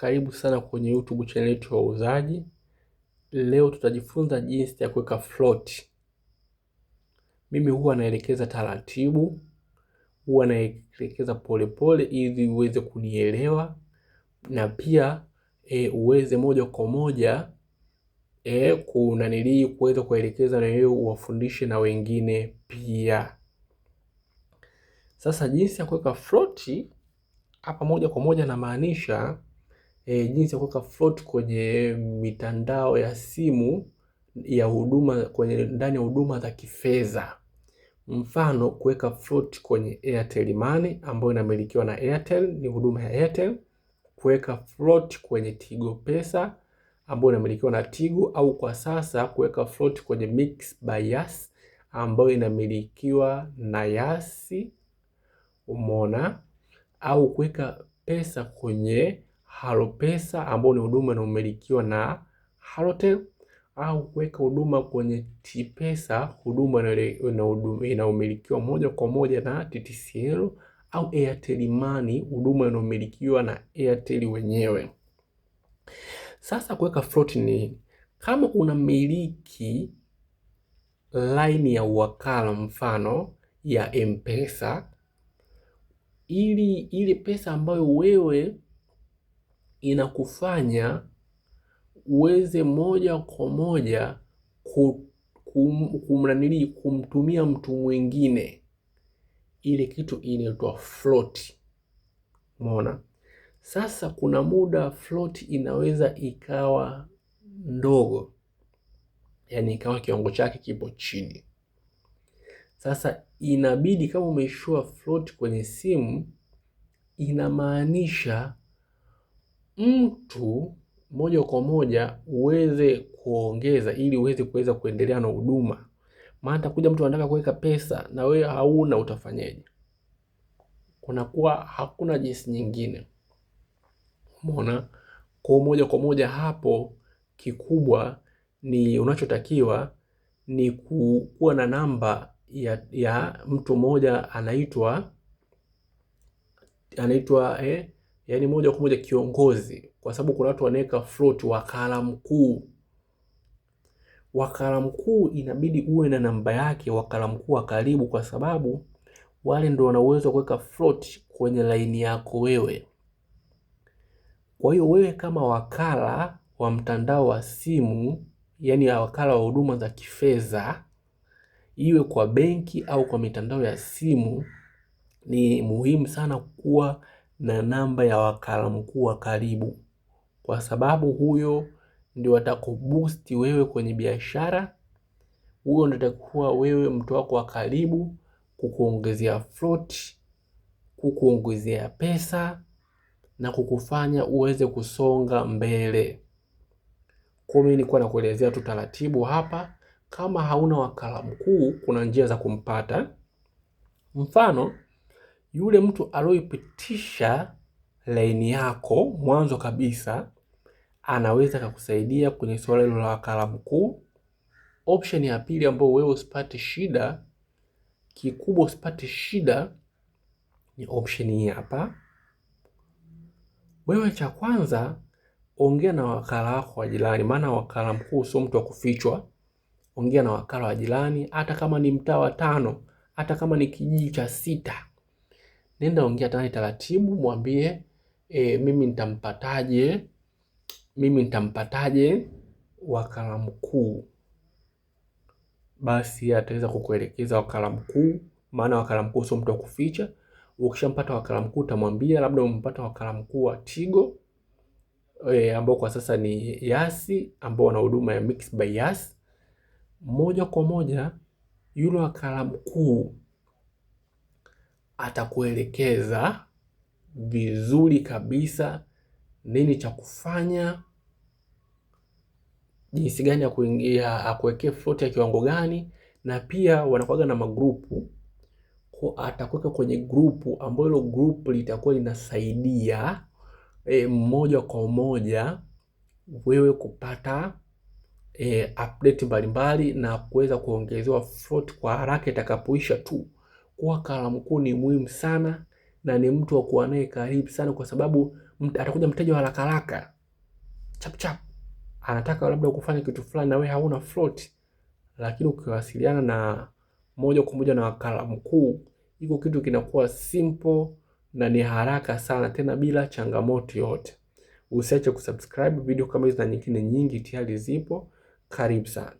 Karibu sana kwenye YouTube channel yetu ya Wauzaji. Leo tutajifunza jinsi ya kuweka float. Mimi huwa naelekeza taratibu, huwa naelekeza polepole ili uweze kunielewa na pia e, uweze moja kwa moja e, eh, nilii kuweza kuelekeza na wewe uwafundishe na wengine pia. Sasa jinsi ya kuweka float hapa moja kwa moja namaanisha e, jinsi ya kuweka float kwenye mitandao ya simu ya huduma kwenye ndani ya huduma za kifedha, mfano kuweka float kwenye Airtel Money ambayo inamilikiwa na Airtel, ni huduma ya Airtel, kuweka float kwenye Tigo Pesa ambayo inamilikiwa na Tigo, au kwa sasa kuweka float kwenye Mix by Yas ambayo inamilikiwa na Yasi, umeona, au kuweka pesa kwenye HaloPesa ambao ni huduma inayomilikiwa na Halotel au kuweka huduma kwenye tipesa huduma inayomilikiwa moja kwa moja na TTCL au Airtel Money, huduma inayomilikiwa na Airtel wenyewe. Sasa kuweka float ni kama unamiliki line ya uwakala mfano ya mpesa ili ile pesa ambayo wewe inakufanya uweze moja kwa moja kum, kumtumia mtu mwingine ile kitu inaitwa float. Umeona? Sasa kuna muda float inaweza ikawa ndogo, yaani ikawa kiwango chake kipo chini. Sasa inabidi kama umeshua float kwenye simu, inamaanisha mtu moja kwa moja uweze kuongeza ili uweze kuweza kuendelea na huduma. Maana atakuja mtu anataka kuweka pesa na wewe hauna, utafanyaje? Kunakuwa hakuna jinsi nyingine, umeona? Kwa moja kwa moja hapo, kikubwa ni unachotakiwa ni kuwa na namba ya, ya mtu mmoja anaitwa anaitwa eh, yani moja kwa moja kiongozi, kwa sababu kuna watu wanaweka float wakala mkuu. Wakala mkuu inabidi uwe na namba yake, wakala mkuu wa karibu, kwa sababu wale ndio wana uwezo wa kuweka float kwenye laini yako wewe. Kwa hiyo wewe kama wakala wa mtandao wa simu, yani wakala wa huduma za kifedha, iwe kwa benki au kwa mitandao ya simu, ni muhimu sana kuwa na namba ya wakala mkuu wa karibu, kwa sababu huyo ndio atakubusti wewe kwenye biashara. Huyo ndio atakuwa wewe mtu wako wa karibu, kukuongezea float, kukuongezea pesa na kukufanya uweze kusonga mbele. Kwa mimi nilikuwa nakuelezea tu taratibu hapa. Kama hauna wakala mkuu, kuna njia za kumpata, mfano yule mtu aliyoipitisha laini yako mwanzo kabisa anaweza kukusaidia kwenye swala hilo la wakala mkuu. Option ya pili ambayo wewe usipate shida kikubwa, usipate shida ni option hii hapa. Wewe cha kwanza, ongea na wakala wako wa jirani, maana wakala mkuu sio mtu wa kufichwa. Ongea na wakala wa jirani, hata kama ni mtaa wa tano, hata kama ni kijiji cha sita nenda ongea tena taratibu, mwambie e, mimi nitampataje, mimi nitampataje wakala mkuu, basi ataweza kukuelekeza wakala mkuu, maana wakala mkuu sio mtu wa kuficha. Ukishampata wakala mkuu utamwambia, labda umempata wakala mkuu wa Tigo e, ambao kwa sasa ni Yasi, ambao wana huduma ya Mixx by Yasi. Moja kwa moja yule wakala mkuu atakuelekeza vizuri kabisa nini cha kufanya, jinsi gani ya kuingia, akuwekee float ya kiwango gani, na pia wanakuaga na magrupu kwa, atakuweka kwenye grupu ambayo hilo grupu litakuwa linasaidia e, moja kwa moja wewe kupata e, update mbalimbali na kuweza kuongezewa float kwa haraka itakapoisha tu kuwa kalamu kuu ni muhimu sana na ni mtu wa kuwa naye karibu sana, kwa sababu atakuja mteja wa haraka haraka, chap chap, anataka labda kufanya kitu fulani na wewe hauna float, lakini ukiwasiliana na moja kwa moja na wakalamu kuu, iko kitu kinakuwa simple na ni haraka sana, tena bila changamoto yote. Usiache kusubscribe, video kama hizi na nyingine nyingi tayari zipo. Karibu sana.